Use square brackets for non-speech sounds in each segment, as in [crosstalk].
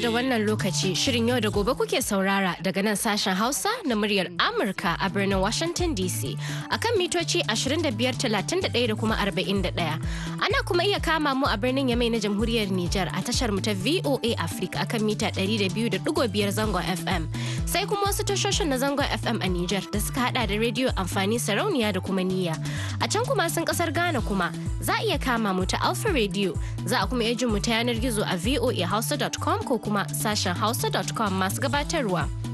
da eh. wannan lokaci shirin yau da gobe kuke saurara daga nan sashen Hausa na muryar Amurka a birnin Washington DC akan mitoci 2531 da kuma 41. Ana kuma iya kama mu a birnin Yamai na Jamhuriyar Nijar a tashar mu ta VOA Africa akan mita 200.5 zangon FM. sai kuma wasu tashoshin na zangon FM a Nijar da suka hada da rediyo amfani sarauniya da kuma niyya. A can kuma sun kasar Ghana kuma za a iya kama mu ta Alpha Radio za a kuma iya jin mu ta yanar gizo a voahausa.com ko kuma sashen hausa.com masu gabatarwa.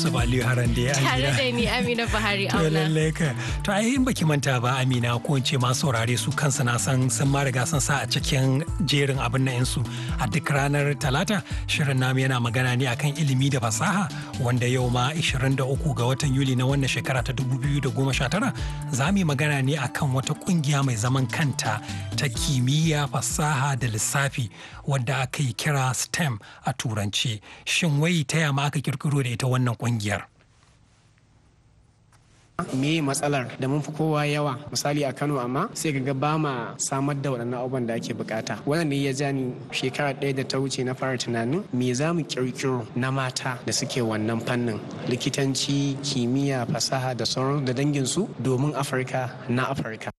Yusuf Aliyu Haran da ya Tare da ni Amina Buhari Auna. Lalle ka. To ai in baki manta ba Amina ko in ce ma saurare su kansa na san sun ma riga sun sa a cikin jerin abin na su a duk ranar Talata shirin namu yana magana ne akan ilimi da fasaha wanda yau ma 23 ga watan Yuli na wannan shekara ta 2019 za mu yi magana ne akan wata kungiya mai zaman kanta ta kimiyya fasaha da lissafi wadda aka yi kira STEM a turanci. Shin wai ta yama aka kirkiro da ita wannan kungiya? kungiyar me matsalar da mun fi kowa yawa misali a kano amma sai ga ba ma samar da waɗannan abubuwan da ake bukata wannan ne ya jani shekara ɗaya da ta wuce na fara tunanin me za mu kirkiro na mata da suke wannan fannin likitanci kimiyya fasaha da sauran da danginsu domin afirka na afirka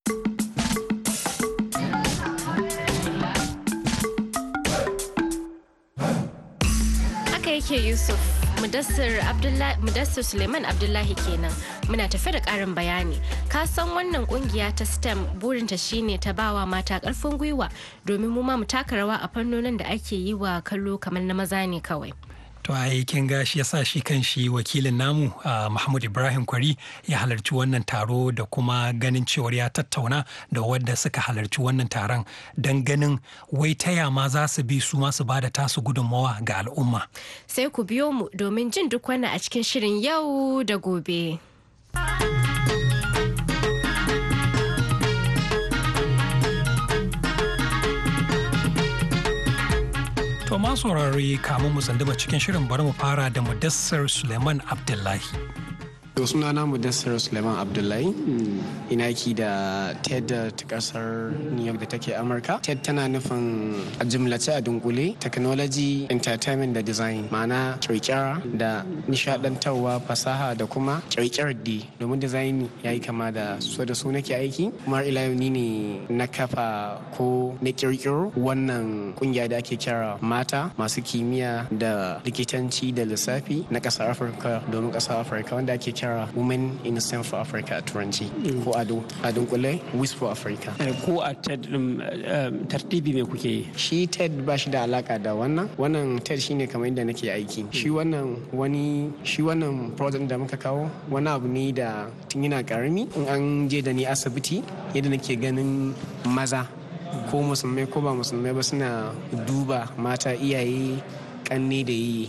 haka yake yusuf Mudassir Suleiman Abdullahi kenan muna tafe da ƙarin bayani. Ka san wannan kungiya ta STEM burinta shine ta bawa mata ƙarfin gwiwa domin mu ma mu taka rawa a fannonin da ake yi wa kallo kamar na maza ne kawai. To a kin ga shi yasa shi kan shi wakilin namu Mahmud Ibrahim Kwari ya halarci wannan taro da kuma ganin cewar ya tattauna da wadda suka halarci wannan taron don ganin wai taya ma za su bi su masu bada tasu gudunmawa ga al'umma. Sai ku biyo mu domin jin duk wani a cikin shirin yau da gobe. masu saurare kamun mu tsandaba cikin shirin bari mu fara da mudassar Suleiman Abdullahi. To sunana Mudassar Suleiman Abdullahi ina ki da TED ta kasar New York da take Amurka. TED tana nufin a jimlace a dunkule technology, entertainment da design ma'ana kirkira da nishadantarwa fasaha da kuma kirkirar di domin design ya yi kama da su da su nake aiki kuma ilayoni ne na kafa ko na kirkiro wannan kungiya da ake kira mata masu kimiyya da likitanci da lissafi na kasar Afirka domin kasar Afirka wanda ake kira women in central africa a turanci ko mm. ado a dunkule eh? west for africa ko a ted tartibi me kuke shi ted ba shi da alaka da wannan wannan ted shine kamar yadda nake aiki shi mm. wannan wani shi wannan project da muka kawo wani abu ne da tun yana karami in an je da ni asibiti yadda nake ganin maza ko musulmai ko ba musulmai ba suna duba mata iyaye kanne da yi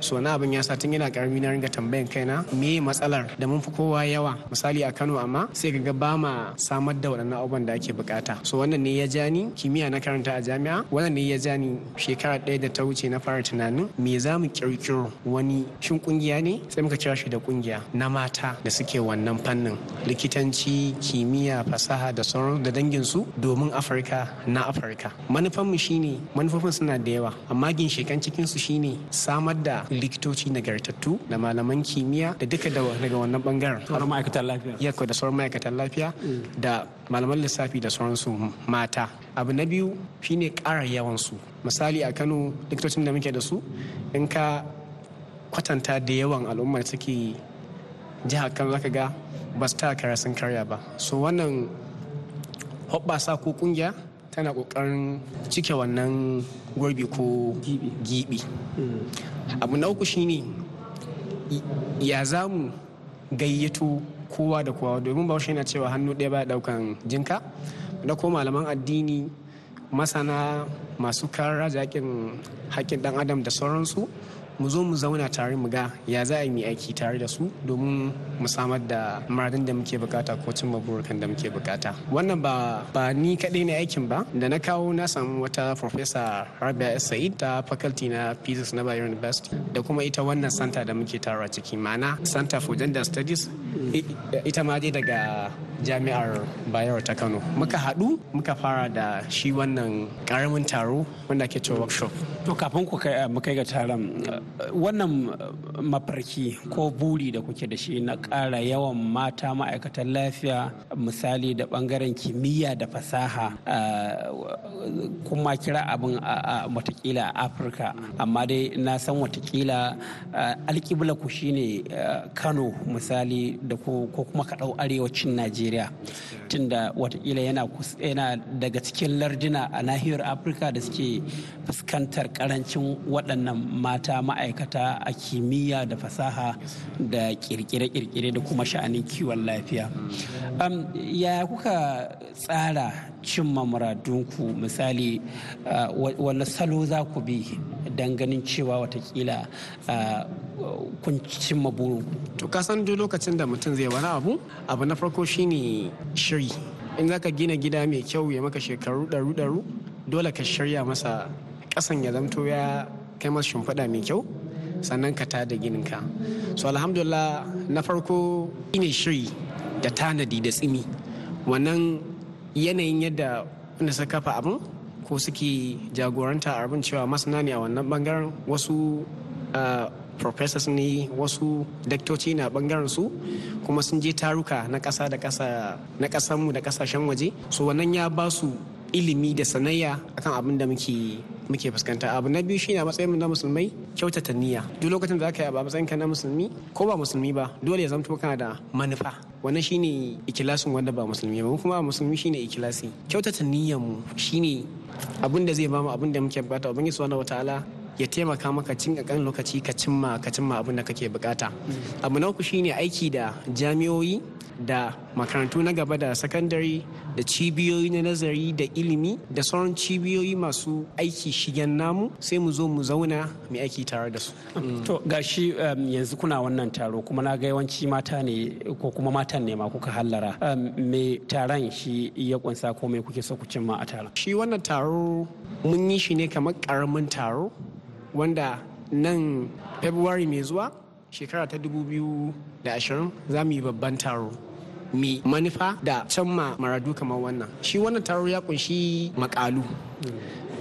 so na abin ya sa tun yana karami na ringa tambayan kaina me matsalar da mun fi kowa yawa misali a Kano amma sai ga ba ma samar da waɗannan abubuwan da ake bukata so wannan ne ya jani kimiyya na karanta a jami'a wannan ne ya jani shekara ɗaya da ta wuce na fara tunanin me za mu kirkiro wani shin kungiya ne sai muka kira shi da kungiya na mata da suke wannan fannin likitanci kimiyya fasaha da sauran da dangin su domin afirka na afirka manufanmu shine manufofin suna da yawa amma ginshikan su shine samar da likitoci nagartattu da malaman kimiyya da duka daga wannan bangaren sauran ma'aikatan lafiya da sauran ma'aikatan lafiya da malaman lissafi da sauransu mata abu na biyu shine ƙara yawan su misali a kano likitocin da muke da su in ka kwatanta da yawan al'ummar suke jihar kano zaka ga ba su ta kara sun karya ba so wannan hoɓɓasa ko kungiya tana kokarin cike wannan gurbi ko gibi mm. abu na uku shine ya za mu gayyato kowa da kowa domin bahaushe yana cewa hannu ɗaya baya daukan jinka da ko malaman addini masana masu kara jakin haƙƙin dan adam da sauransu mu zo mu zauna tare mu ga ya za a yi aiki tare da su domin mu samar da maradin da muke bukata ko cin maburkan da muke bukata wannan ba ba ni kadai ne aikin ba da na kawo na samu wata professor Rabia S Said ta faculty na physics na Bayero University da kuma ita wannan santa da muke tara ciki ma'ana santa for Gender Studies ita ma dai daga jami'ar Bayero ta Kano muka haɗu muka fara da shi wannan karamin taro wanda ke cewa workshop to kafin ku kai mu kai ga taron wannan mafarki ko buri da kuke da shi na ƙara yawan mata ma'aikatan lafiya misali da bangaren kimiyya da fasaha eh, kuma kira abin a watakila a afirka amma dai na san watakila eh, alkibla ku shine eh, kano misali da ko kuma kaɗau arewacin najeriya tunda watakila yana daga cikin lardina a nahiyar afirka da suke fuskantar karancin waɗannan mata ma. ma'aikata a kimiyya da fasaha da kirkire-kirkire da kuma sha'anin kiwon lafiya um, ya kuka tsara cimma muradunku misali uh, wani salo za ku bi don ganin cewa watakila uh, kun cimma burinku to san duk lokacin da mutum zai wani abu abu na farko shine shiri in zaka gina gida mai kyau ya maka shekaru ɗaru-ɗaru dole ka shirya masa ƙasan ya zamto ya kai masu shimfiɗa mai kyau sannan ka ta da ka so alhamdulillah na farko ine shiri da tanadi da tsimi wannan yanayin yadda wanda suka kafa abin ko suke jagoranta abin cewa masana ne a wannan bangaren wasu professors ne wasu daktoci na bangaren su kuma sun je taruka na ƙasa da ƙasa na ƙasanmu da ƙasashen waje so wannan ya ba su ilimi da sanayya akan abin da muke muke fuskanta abu na biyu shine a matsayin mu na musulmai kyautata niyya duk lokacin da aka yi a matsayin ka na musulmi ko ba musulmi ba dole ya zamto kana da manufa wannan shine ikilasin wanda ba musulmi ba kuma musulmi shine ikilasi kyautata niyyar mu shine abin da zai bamu abin da muke bukata ubangiji subhanahu wataala ya taimaka maka cin kan lokaci ka cimma ka cimma abin da kake bukata abu na uku shine aiki da jami'oyi da makarantu na gaba da sakandare da cibiyoyi na nazari da ilimi da sauran cibiyoyi masu aiki shigen namu sai mu zo mu zauna mai aiki tare da su. Mm. To gashi um, yanzu kuna wannan taro kuma na ga yawanci mata ne ko kuma matan ne ma kuka hallara um, me taron shi ya kunsa ko me kuke so ku cimma a taron. Shi wannan taro mun yi shi ne kamar karamin taro wanda nan February mai zuwa shekara ta 2020 za mu yi babban taro mi manufa da ma maradu kamar wannan shi wannan taro ya kunshi makalu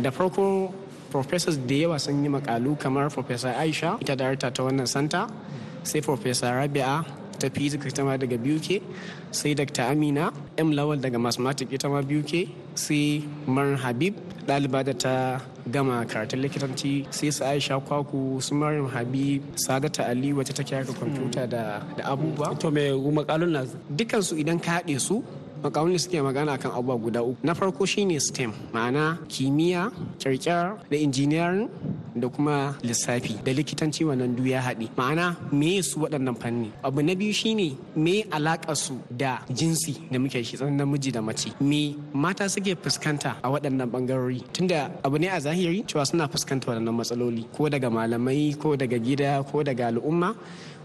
da farko professors da yawa sun yi makalu kamar professor aisha ita darata ta wannan santa sai professor rabi'a ta physics ita ma daga BUK sai Dr. Amina M Lawal daga mathematics ita ma BUK sai Mar Habib ɗaliba da ta gama karatun likitanci sai su aisha kwaku su maryam habib sadata ali wacce take haka kwamfuta da abubuwa to mai makalun na dukansu idan ka haɗe su makaroni suke magana kan abubuwa guda uku na farko shine stem ma'ana kimiyya kirkiyar da injiniyar da kuma lissafi da likitanci wannan du ya haɗe ma'ana me su waɗannan fanni abu na biyu shine me alaƙa su da jinsi da muke shi tsanin namiji da mace me mata suke fuskanta a waɗannan bangarori tunda abu ne a zahiri cewa suna fuskanta waɗannan matsaloli ko daga malamai ko daga gida ko daga al'umma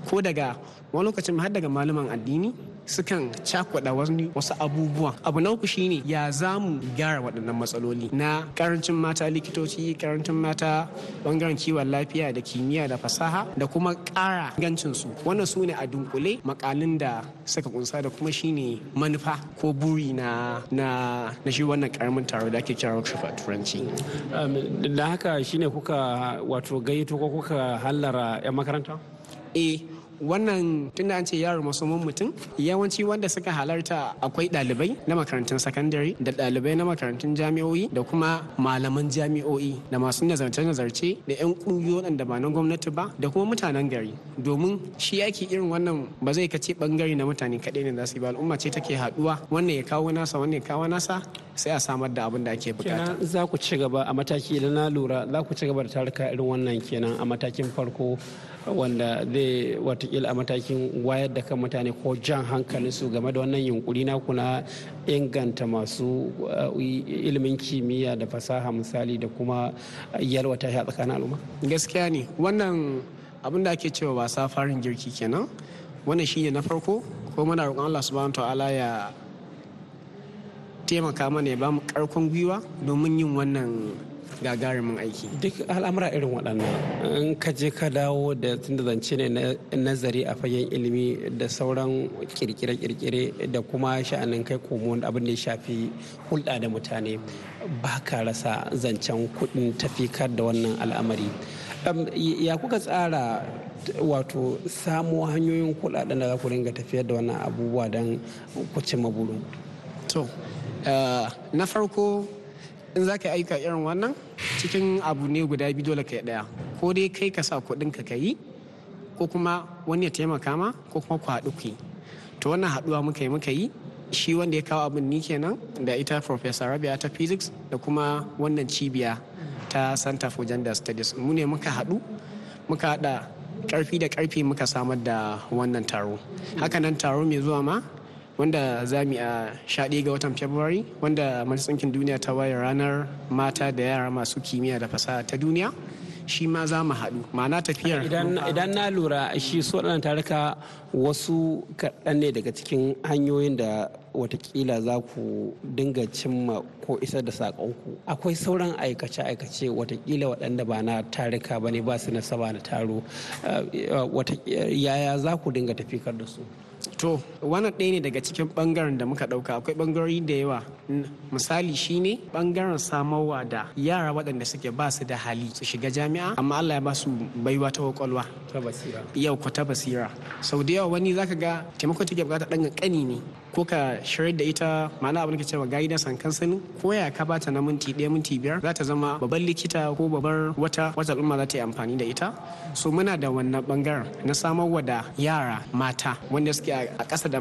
ko daga wani lokacin har daga malaman addini sukan cakwada wani wasu abubuwan abu na uku shine ya za mu gyara waɗannan matsaloli na karancin mata likitoci karancin mata bangaren kiwon lafiya da kimiyya da fasaha da kuma ƙara gancin su wannan su ne a dunkule makalin da suka kunsa da kuma shine manufa ko buri na na na shi wannan karamin taro da ake kira workshop a turanci da haka shine kuka wato gaito ko kuka hallara 'yan makaranta eh wannan tunda an ce yaro musamman mutum yawanci wanda suka halarta akwai ɗalibai na makarantun sakandare da ɗalibai na makarantun jami'o'i da kuma malaman jami'o'i da masu nazarce-nazarce da 'yan ƙungiyoyin da ba na gwamnati ba da kuma mutanen gari domin shi yaki irin wannan ba zai kace bangare na mutane kaɗai ne za su yi ba al'umma ce take haɗuwa wannan ya kawo nasa wannan ya kawo nasa sai a samar da abin da ake bukata kenan za ku ci gaba a mataki idan na lura za ku ci gaba da taruka irin wannan kenan a matakin farko wanda zai watakila a matakin wayar da kan mutane ko jan hankalin su game da wannan yunkuri na kuna inganta masu uh, ilimin kimiyya da fasaha misali da kuma ta shi a tsakanin al'umma gaskiya ne wannan abin da ake cewa wasa farin girki kenan wannan shine na farko ko muna roƙon Allah subhanahu ta'ala ya taimaka mana ya ba mu karkon gwiwa domin yin wannan gagarumin aiki duk al'amura irin waɗannan in ka je ka dawo da tunda zance ne nazari a fagen ilimi da sauran kirkire-kirkire da kuma sha'anin kai komo abin da ya shafi hulɗa da mutane ba ka rasa zancen kuɗin tafikar da wannan al'amari ya kuka tsara wato samo hanyoyin kuɗaɗen da za ku ringa tafiyar da wannan abubuwa don ku cimma to Eh, na farko in za ka aika irin wannan cikin abu ne guda biyu dole ka daya ko dai kai ka sa kuɗin ka yi ko kuma wani ya taimaka ma ko kuma ku haɗu ku yi to wannan haɗuwa muka yi muka yi shi wanda ya kawo abin ni kenan da ita professor rabia ta physics da kuma wannan cibiya ta center for gender studies mu ne muka haɗu muka haɗa ƙarfi da ƙarfi muka samar da wannan taro hakanan taro mai zuwa ma wanda za mu a shaɗe ga watan February wanda Majalisar Duniya ta waye ranar mata da yara masu kimiyya da fasaha ta duniya. shi ma za mu haɗu ma'ana tafiyar idan na lura shi su waɗannan taruka wasu kaɗan ne daga cikin hanyoyin da watakila za ku dinga cimma ko isar da saƙonku akwai sauran aikace-aikace watakila waɗanda ba na tarika ba ne ba su nasaba na taro eh, eh, yaya za ku dinga tafikar da su to wannan ɗaya ne daga cikin ɓangaren da muka ɗauka akwai ɓangarori da yawa misali shine ɓangaren samarwa da yara waɗanda suke ba su da hali su shiga jami'a amma Allah ya ba su baiwa ta kwakwalwa yau ko ta basira sau da yawa wani zaka ga taimako take bukata ɗan ƙani ne ko ka shirya da ita ma'ana abin da cewa guidance kan counseling ko ya ka bata na minti ɗaya minti biyar za ta zama babban likita ko babbar wata wata al'umma za ta yi amfani da ita so muna da wannan bangaren na wa da yara mata wanda suke a ƙasa da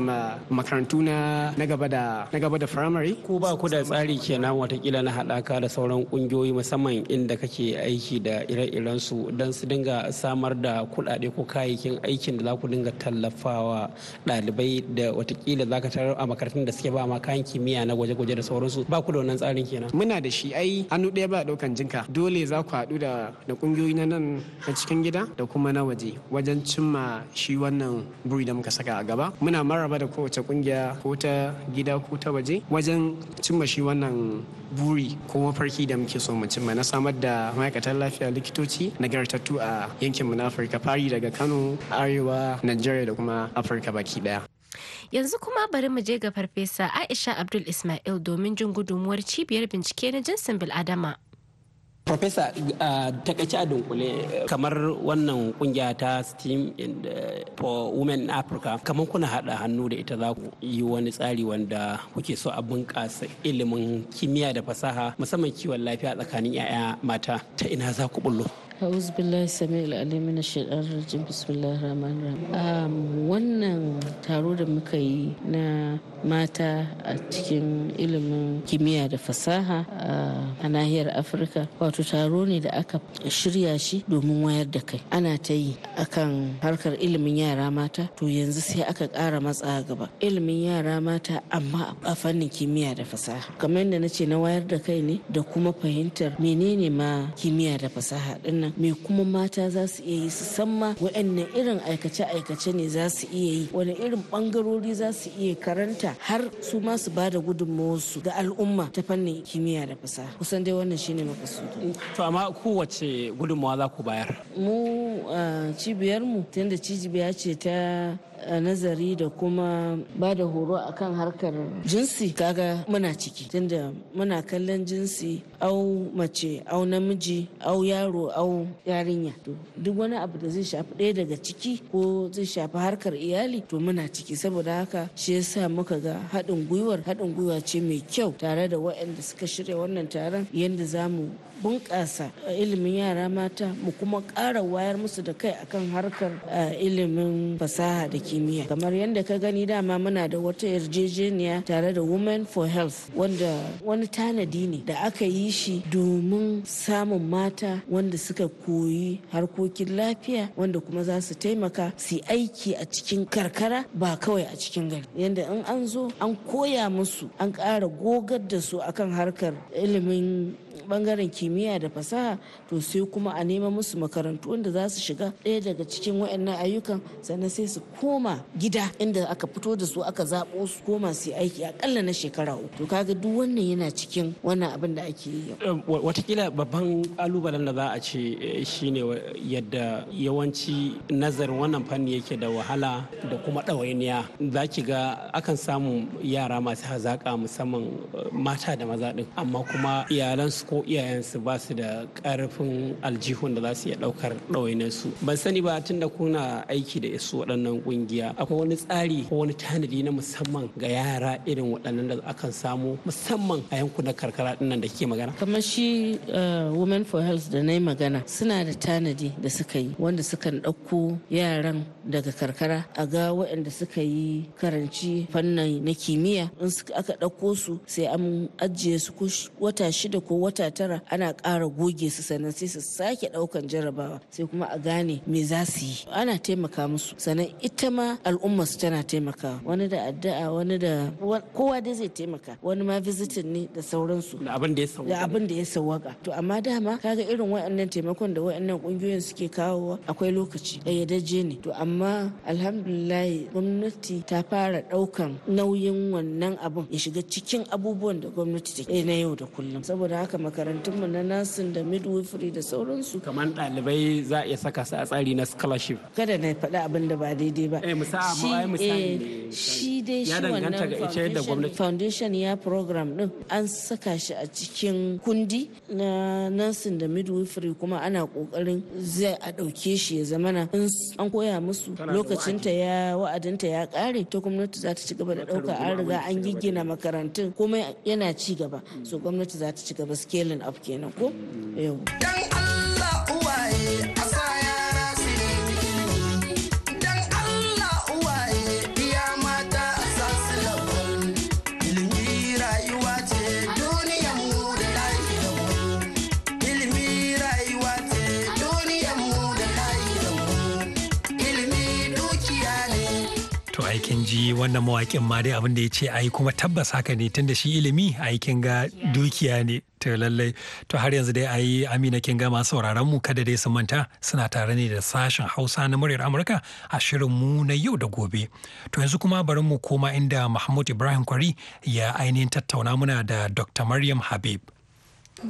makarantu na gaba da firamare. ko ba ku da tsari kenan watakila na haɗaka da sauran ƙungiyoyi musamman inda kake aiki da ire-iren su don su dinga samar da kuɗaɗe ko kayayyakin aikin da za ku dinga tallafawa ɗalibai da watakila za ka makarantar a makarantun da suke ba ma kayan kimiyya na gwaje-gwaje da sauransu ba ku da wannan tsarin kenan muna da shi ai hannu ɗaya ba daukan jinka dole za ku haɗu da da kungiyoyi na nan na cikin gida da kuma na waje wajen cimma shi wannan buri da muka saka a gaba muna maraba da kowace kungiya ko ta gida ko ta waje wajen cimma shi wannan buri ko mafarki da muke so mu cimma na samar da ma'aikatan lafiya likitoci nagartattu a yankinmu na afirka fari daga kano arewa najeriya da kuma afirka baki daya Yanzu kuma bari mu je ga Farfesa Aisha Abdul Ismail domin jin gudunmuwar cibiyar bincike na jinsin bil'adama. Profesa uh, takaice a dunkule kamar wannan kungiya ta Steam eh, for Women in Africa kamar kuna hada hannu da ita za ku yi wani tsari wanda kuke so a bunƙasa ilimin kimiyya da fasaha musamman kiwon lafiya tsakanin 'ya'ya mata ta ina za ku bullo. A'udhu billahi sami'il alim min ash-shaytan rajim bismillahir rahmanir um, wannan taro da muka yi na mata a cikin ilimin kimiyya da fasaha uh, a nahiyar Afirka wato taro ne da aka shirya shi domin wayar da kai. Ana ta yi akan harkar ilimin yara mata to yanzu sai aka ƙara matsa gaba. Ilimin yara mata amma a fannin kimiyya da fasaha. Kamar yadda na ce na wayar da kai ne da kuma fahimtar menene ma kimiyya da fasaha dinnan nan me kuma mata za su iya yi su san ma wa'annan irin aikace-aikace ne za su iya yi wani irin bangarori za su iya karanta har su ma su ba da su ga al'umma ta fannin kimiyya da fasaha kusan dai wannan shine makasudu to amma kowace gudunmawa za ku bayar mu ah, cibiyar mu tunda cibiya ce ta nazari da kuma ba da horo akan harkar jinsi kaga muna ciki tunda muna kallon jinsi au mace au namiji au yaro au yarinya to duk wani abu da zai shafi ɗaya daga ciki ko zai shafi harkar iyali to muna ciki saboda haka shi yasa muka ga haɗin gwiwar haɗin gwiwa ce mai kyau tare da waɗanda suka shirya wannan taron yadda za mu bunƙasa ilimin yara mata mu kuma ƙara wayar musu da kai akan harkar ilimin fasaha da ke kimiyya kamar yadda ka gani dama muna da wata yarjejeniya tare da women for health wanda wani tanadi ne da aka yi shi domin samun mata wanda suka koyi harkokin lafiya wanda kuma za su taimaka su aiki a cikin karkara ba kawai a cikin gari yadda in an zo an koya musu an ƙara gogar da su akan harkar ilimin bangaren kimiyya da fasaha to sai kuma a nema musu makarantu da za su shiga ɗaya daga cikin waɗannan ayyukan sannan sai su koma gida inda aka fito da su aka zaɓo su koma su aiki aƙalla na shekara uku to kaga duk wannan yana cikin wannan abin da ake yi watakila babban kalubalen da za a ce eh, shine yadda yawanci nazarin wannan fanni yake da wahala da kuma ɗawainiya za ki ga akan samu yara masu hazaƙa musamman eh, mata da maza ɗin amma kuma iyalansu ko ko iyayensu ba su da karfin aljihun da za su iya daukar su. ban sani ba tunda kuna aiki da isu waɗannan kungiya akwai wani tsari ko wani tanadi na musamman ga yara irin waɗannan da akan samu musamman a yankunan karkara ɗinnan da ke magana kamar shi eh, women for health da na yi magana suna da tanadi da suka yi wanda sukan ɗauko yaran daga karkara a ga waɗanda suka yi karanci fannin na kimiyya in aka ɗauko su sai an ajiye su ko wata shida ko wata tara ana ƙara goge su sannan sai su sake ɗaukan jarabawa sai kuma a gane me za su yi ana taimaka musu sannan ita ma al'umma su tana taimakawa wani da addu'a wani da kowa dai zai taimaka wani ma visitin ne da sauransu da abin da ya sawaka to amma dama kaga irin wayannan taimakon da wayannan ƙungiyoyin suke kawowa akwai lokaci Ayadaje ne to amma alhamdulillah gwamnati ta fara ɗaukan nauyin wannan abin ya shiga cikin abubuwan da gwamnati take na yau da kullum saboda haka makarantunmu na nursing da midwifery da sauransu kamar ɗalibai za a iya saka su a tsari na scholarship kada na faɗi abin da ba daidai ba eh, eh, shi dai shi wannan foundation ya program ɗin. an saka shi a cikin kundi na nursing da midwifery kuma ana kokarin zai a ɗauke shi ya zamana in an koya musu lokacinta ya wa'adinta ya ƙare to gwamnati za ta ci gaba da ɗauka an riga an giggina makarantun kuma yana ci gaba so gwamnati za ta ci gaba suke scaling up kenan ko yau wannan mawakin ma dai abin da ya ce ai kuma tabbas haka ne tunda shi ilimi aikin ga dukiya ne to lallai to har yanzu dai ayi amina kin ga masu sauraron mu kada dai su manta suna tare ne da sashen hausa na muryar amurka a shirin mu na yau da gobe to yanzu kuma bari mu koma inda mahmud ibrahim kwari ya ainihin tattauna muna da dr maryam habib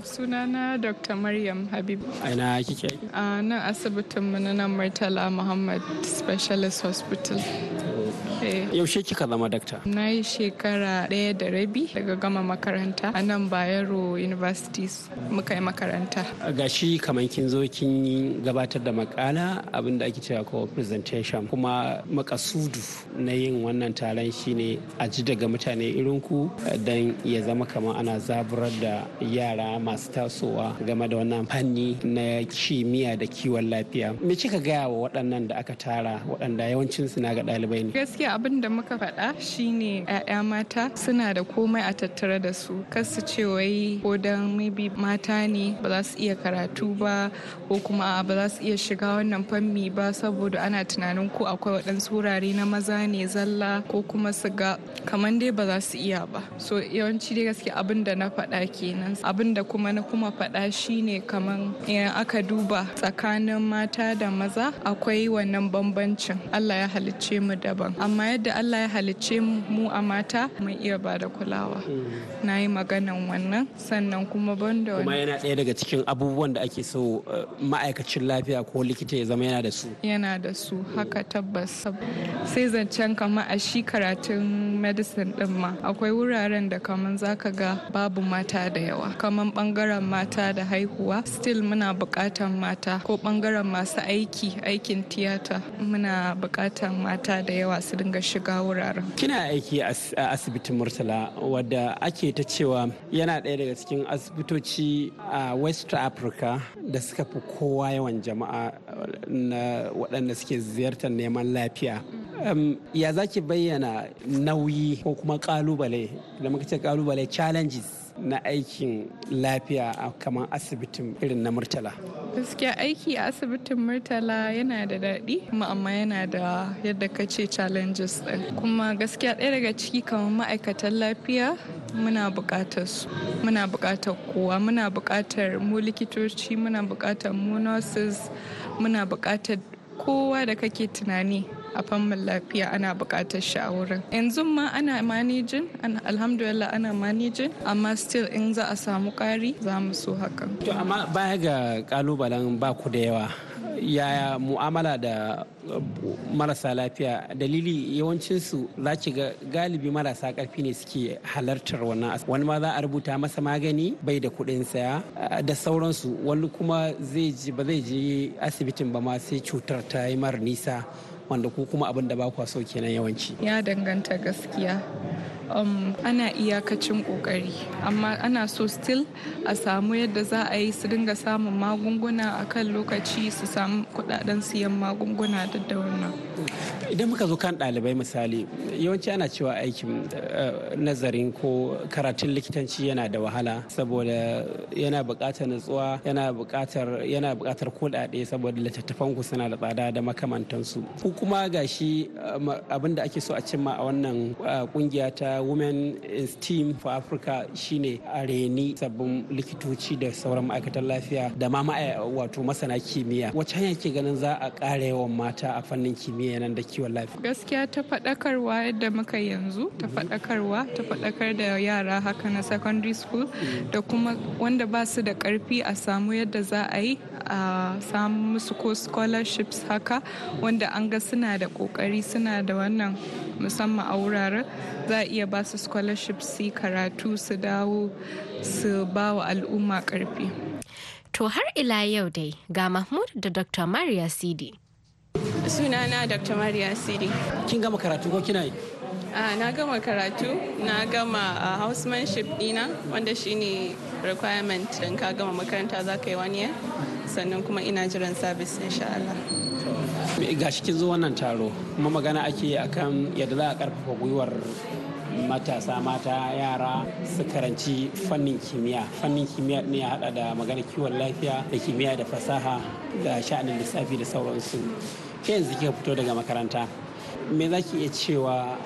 sunana dr maryam habib aina kike a nan asibitin mu murtala muhammad specialist hospital eh. yaushe kika zama dakta na yi shekara ɗaya da rabi daga gama makaranta a nan bayero universities muka yi makaranta gashi kamar kin zo kin gabatar da makala abinda ake cewa ko presentation kuma makasudu na yin wannan taron shine a ji daga mutane irinku don ya zama kamar ana zaburar da yara masu tasowa game da wannan fanni na kimiyya da kiwon lafiya me kika gaya wa waɗannan da aka tara waɗanda yawancin su na ga ɗalibai ne gaskiya abin da muka faɗa shine ƴaƴa mata suna da komai a tattara da su kar su ce wai ko dan maybe mata ne ba za su iya karatu ba ko kuma ba za su iya shiga wannan fanni ba saboda ana tunanin ko akwai waɗansu wurare na maza ne zalla ko kuma su ga kamar dai ba za su iya ba so yawanci dai gaskiya abin da na faɗa kenan abin da kuma na kuma faɗa shine kaman idan aka duba tsakanin mata da maza akwai wannan bambancin Allah ya halicce mu daban amma yadda Allah ya halicce mu a mata mun iya ba da kulawa mm. na yi maganan wannan sannan kuma banda kuma yana ɗaya daga cikin abubuwan da ake so eh, ma'aikacin lafiya ko likita ya zama yana da su yana da su haka tabbas sai zancen kama a shi karatun medicine din ma akwai wuraren da kamar zaka ga babu mata da yawa kaman bangaren mata da haihuwa still muna bukatan mata ko bangaren masu aiki aikin tiyata muna bukatan mata da yawa su dinga shiga wuraren kina aiki a asibitin murtala wadda ake ta cewa yana ɗaya daga cikin asibitoci a west africa da suka fi kowa yawan jama'a na waɗanda suke ziyartar neman lafiya Um, ya zaki bayyana nauyi ko kuma kalubale da muka ce kalubale challenges na aikin lafiya a kamar asibitin irin na murtala gaskiya aiki a asibitin murtala yana da daɗi kuma amma yana da yadda ka ce challenges ɗin kuma gaskiya ɗaya daga ciki kamar ma'aikatan lafiya muna buƙatar su muna buƙatar kowa muna buƙatar mu likitoci muna buƙatar mu nurses muna buƙatar kowa da kake tunani a fannin lafiya ana buƙatar shawarar yanzu ma ana manejin alhamdulillah ana manejin amma still in za a samu kari za mu so haka to amma baya ga kalubalen ba ku da yawa yaya mu'amala da uh, marasa lafiya dalili yawancinsu za ki ga galibi marasa karfi ne suke halartar wannan wani ma za a rubuta masa magani bai da kuɗin saya uh, da sauransu wani kuma ba zai je asibitin ba ma sai cutar ta yi mara nisa wanda ku kuma abin da ba kwa so na yawanci ya danganta gaskiya um, ana iyakacin kokari amma ana so still a samu yadda za a yi su dinga samun magunguna a kan lokaci su samu kudaden siyan magunguna da wannan idan muka zo kan ɗalibai misali yawanci ana cewa aikin eh, nazarin ko karatun likitanci yana da wahala saboda yana buƙatar nutsuwa yana buƙatar yana buƙatar saboda littattafan ku suna da tsada da makamantansu kuma gashi eh, abin da ake so a cimma a wannan eh, kungiya ta women in steam for africa shine a reni sabbin likitoci da sauran ma'aikatan lafiya da ma wato masana kimiyya wacce hanya ke ganin za a ƙara yawan mata a fannin kimiyya nan da kiwon lafiya gaskiya ta faɗakarwa yadda muka yanzu ta mhm. faɗakarwa ta faɗakar da yara haka na secondary school mhm. da kuma wanda ba su da karfi a samu yadda za a yi a samu musu ko scholarships haka wanda an ga suna da kokari suna da wannan musamman a wuraren za a iya ba su scholarship su karatu su dawo su ba wa al'umma karfi to har ila yau dai ga mahmud da dr maria sidi sunana dr maria sidi kin gama karatu ko kina yi ah, na gama karatu na gama uh, housemanship dina wanda shine requirement don ka gama makaranta za ka yi wani sannan kuma ina jiran service insha Allah. ga shi kin zo wannan taro kuma magana ake akan yadda za a karfafa gwiwar matasa mata yara su karanci fannin kimiyya fannin kimiyya ne ya hada da magana kiwon lafiya da kimiyya da fasaha da sha'anin lissafi da sauransu ke yanzu kika fito daga makaranta me za ki iya cewa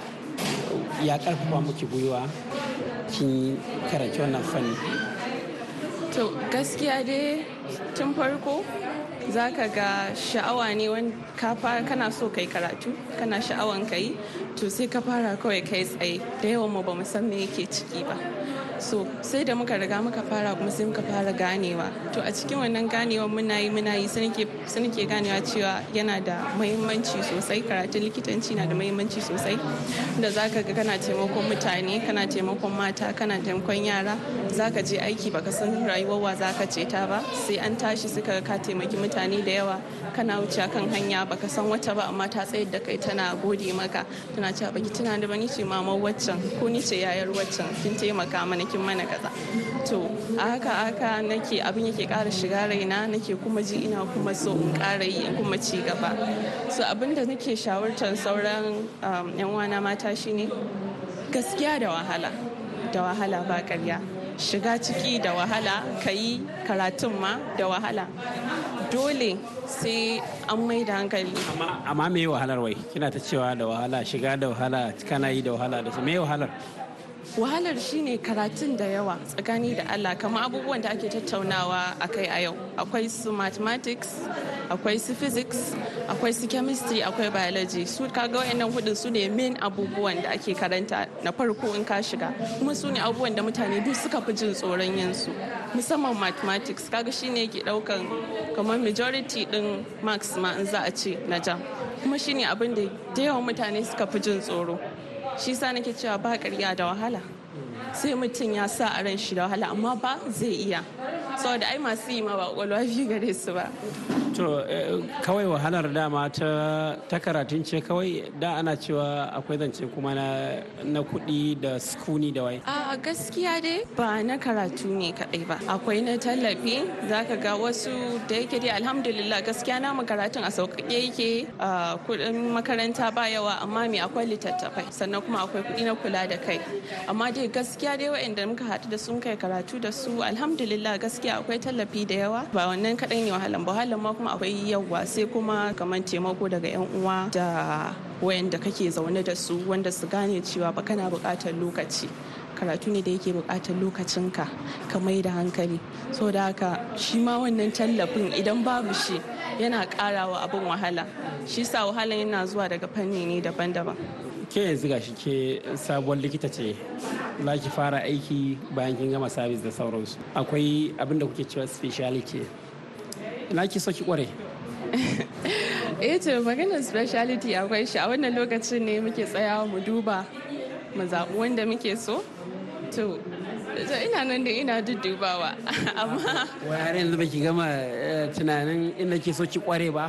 ya karfafa miki gwiwa kin karanci wannan fanni to gaskiya dai tun farko za ka ga sha'awa ne kana so kai karatu kana sha'awan ka yi to sai ka fara kawai kai tsaye da yawan mu ba mu san me yake ciki ba so sai da muka riga muka fara kuma sai muka fara ganewa to a cikin wannan ganewa muna yi muna yi sai ke ganewa cewa yana da mahimmanci sosai karatun likitanci na da mahimmanci sosai da zaka ga kana taimakon mutane kana taimakon mata kana taimakon yara zaka je aiki baka san rayuwar wa ka ce ta ba sai an tashi suka ka taimaki mutane da yawa kana wuce kan hanya baka san wata ba amma ta tsayar da kai tana gode maka tana cewa baki tunani ba ni ce mamar waccan ko ni ce yayar waccan kin taimaka mana kin mana kaza to a haka haka nake abin yake kara shiga raina nake kuma ji ina kuma so in ƙara yi in kuma ci gaba so abin da nake shawartar sauran yan um, wana mata shine gaskiya da wahala da wahala ba karya shiga ciki da wahala ka yi karatun ma da wahala dole sai an mai da hankali amma me wahalar wai kina ta cewa da wahala shiga da wahala kana yi da wahala da su me wahalar wahalar shine karatun da yawa tsakani da allah kamar abubuwan da ake tattaunawa a kai a yau akwai su mathematics akwai su physics akwai su chemistry akwai biology su kaga wayannan hudun su ne main abubuwan da ake karanta na farko in ka shiga kuma su ne abubuwan da mutane duk suka fi jin tsoron yin su musamman mathematics kaga shine ke daukan kamar majority din marks ma in za a ce na jam kuma shine abin da da yawan mutane suka fi jin tsoro shi sa nake cewa ba ƙarya da wahala sai mutum ya sa a ran shi da wahala amma ba zai iya saboda ai masu yi ma ba ƙwaƙwalwa gare su ba to eh, kawai wahalar dama ta, ta karatun ce kawai da ana cewa akwai zance kuma na, na kuɗi da sukuni da wai a gaskiya dai ba na karatu ne kadai ba akwai na tallafi zaka ga wasu da yake dai alhamdulillah gaskiya na karatun a sauƙaƙe yake ah, kuɗin makaranta ba yawa amma me akwai littattafai sannan kuma akwai kuɗi na kula da kai amma dai gaskiya dai waɗanda muka haɗu da sun kai karatu da su alhamdulillah gaskiya akwai tallafi da yawa ba wannan kadai ne wahalan ba wahalan ma kuma akwai yawa sai kuma kamar taimako daga 'yan uwa da wayanda kake zaune da su wanda su gane cewa ba kana buƙatar lokaci karatu ne da yake buƙatar lokacinka ka mai da hankali so da haka shi ma wannan tallafin idan babu shi yana ƙarawa abin wahala shi sa wahala yana zuwa daga fanni ne daban-daban ke yanzu gashi ke sabuwar likita ce za ki fara aiki bayan kin gama sabis da sauransu akwai abin da kuke cewa speciality na ki so ki kware [laughs] eh to maganin speciality akwai shi a wannan lokacin ne muke tsayawa mu duba mu zaɓi wanda muke so to to ina nan da ina duddubawa [laughs] amma wani yanzu baki gama eh, tunanin inda ke so ki kware ba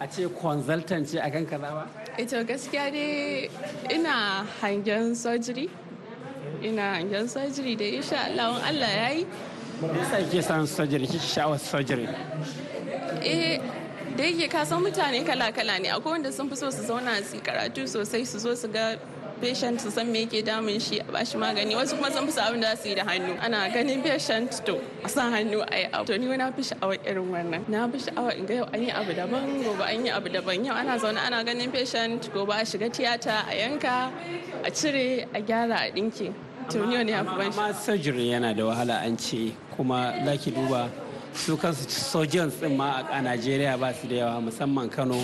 a ce consultant ce akan kaza ba ito eh gaskiya dai ina hangen surgery ina hangen surgery da insha Allah Allah yi. me yasa kike son surgery kike sha'awar surgery eh da yake ka san mutane kala-kala ne akwai wanda sun fi so su zauna su karatu sosai su zo su ga patient su san me yake damun shi a bashi magani wasu kuma sun fi sa abin da su yi da hannu ana ganin patient to a sa hannu a yi abu to ni na fi sha'awar irin wannan na fi sha'awar in ga yau an yi abu daban gobe an yi abu daban yau ana zaune ana ganin patient gobe a shiga tiyata a yanka a cire a gyara a dinke to ni ne ya fi ban amma surgery yana da wahala an ce kuma za duba su kansu sojans din ma a najeriya ba su da yawa musamman kano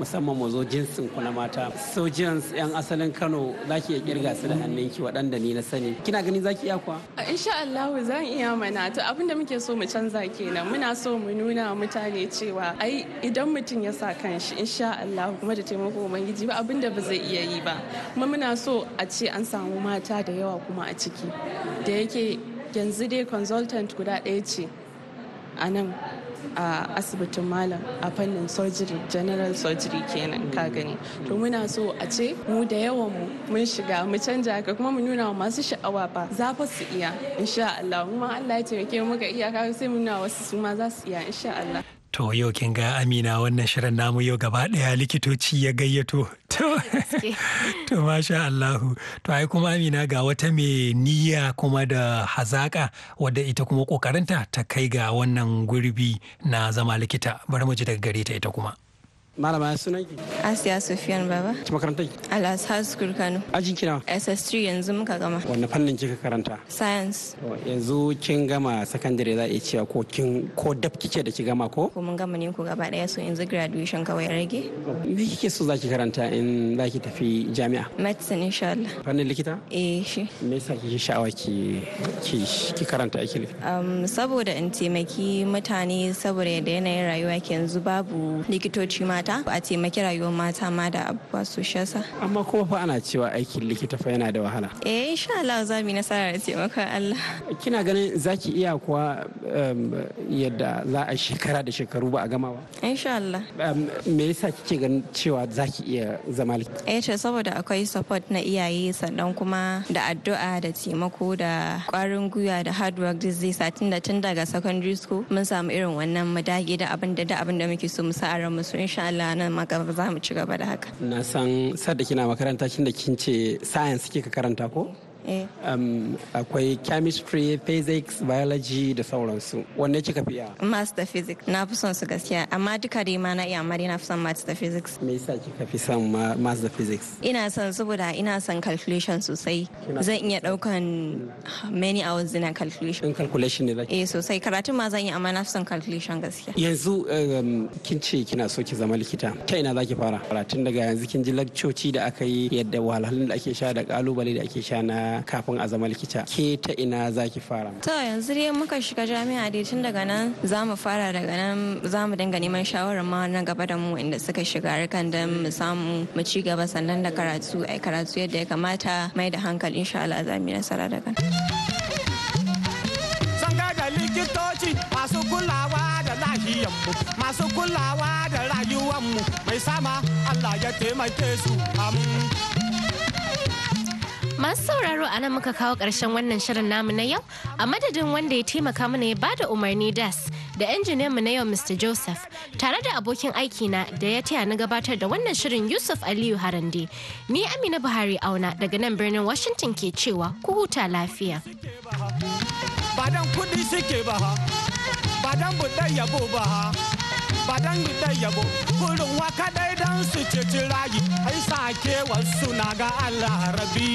musamman mu jinsin ku na mata sojans yan asalin kano za ki iya kirga su da hannunki waɗanda ni na sani kina ganin za ki iya kuwa insha Allah zan iya mana to abin da muke so mu canza kenan muna so mu nuna mutane cewa ai idan mutum ya sa kanshi insha Allah kuma da taimako ubangiji ba abin da ba zai iya yi ba kuma muna so a ce an samu mata da yawa kuma a ciki da yake yanzu dai consultant guda ɗaya ce a nan a asibitin malam a fannin surgery general surgery kenan ka gani to muna so a ce mu da yawan mu mun shiga mu canja ka kuma mu nuna wa masu sha'awa ba za fa su iya insha Allah kuma Allah ya taimake mu ga iya sai mu nuna wasu su ma za su iya insha To yau kin ga Amina wannan shirin namu yau gaba ɗaya likitoci ya gayyato. To [laughs] masha Allahu. To ai kuma Amina ga wata mai niyya kuma da hazaka wadda ita kuma ƙoƙarinta ta kai ga wannan gurbi na zama likita. Bari mu ji daga gare ta ita kuma. malama ya ki asiya sufiyan baba ci makarantar ki al-azhar school kano ajin kina ss3 yanzu muka gama wanne fannin kika karanta science yanzu kin gama secondary za a iya cewa ko kin ko dab kike da ki gama ko ko mun gama ne ko gaba daya so yanzu graduation kawai rage me kike so zaki karanta in zaki tafi jami'a medicine insha Allah fannin likita eh shi me yasa kike sha'awa ki ki karanta aiki um saboda in taimaki mutane saboda yanayin rayuwa ke yanzu babu likitoci mata mata ba a taimaki rayuwar mata ma da abubuwa su shasa. Amma kuma fa ana cewa aikin likita fa yana da wahala. Eh insha Allah za mu nasara da taimakon Allah. Kina ganin za ki iya kuwa um, yadda za a shekara da shekaru ba a gama ba? Insha Allah. Um, me yasa kike ganin cewa za ki iya zama likita? Eh ce saboda akwai support na iyaye sannan kuma da addu'a da taimako da kwarin gwiwa da hard work duk zai tun da tun daga secondary school mun samu irin wannan mu da abin da da abin da muke so mu sa a ran mu insha Allah. alhamdulillah nan maka za mu ci gaba da haka na san sadda kina makaranta kin da kin ce science kika karanta ko Eh. akwai chemistry physics biology da sauransu wanne kika fi iya maths da physics na fi son su gaskiya amma duka dai ma na iya amma na fi son maths da physics me yasa kika fi son maths da physics ina son saboda ina son calculation sosai zan iya daukan many hours ina calculation in calculation ne zaki eh sosai karatun ma zan yi amma na fi son calculation gaskiya yanzu um, kin ce kina so ki zama likita ta ina zaki fara karatun daga yanzu kin ji lakcoci da aka yi yadda wahalhalun da ake sha da kalubale da ake sha na kafin a zama likita ke ta ina zaki fara to yanzu dai muka shiga jami'a dai tun daga nan za mu fara daga nan za mu dinga neman shawarar ma na gaba da mu inda suka shiga harkan da mu samu mu ci gaba sannan da karatu ai karatu yadda ya kamata mai da hankali insha Allah za mu yi nasara daga likitoci masu kulawa da lahiyanmu masu kulawa da rayuwanmu mai sama Allah ya taimake su amin Masu sauraro a nan muka kawo ƙarshen wannan shirin namu na yau a madadin wanda ya taimaka mana ya bada umarni das da injiniyan mu na yau Mr. Joseph tare da abokin aiki na da ya taya na gabatar da wannan shirin Yusuf Aliyu Harande. Ni Amina Buhari auna daga nan birnin Washington ke cewa ku huta lafiya. Ba dan kudi suke ba ba dan yabo ba badan da yabo kurin waka dai dan su ceci rayu ai sake wasu na ga Allah rabbi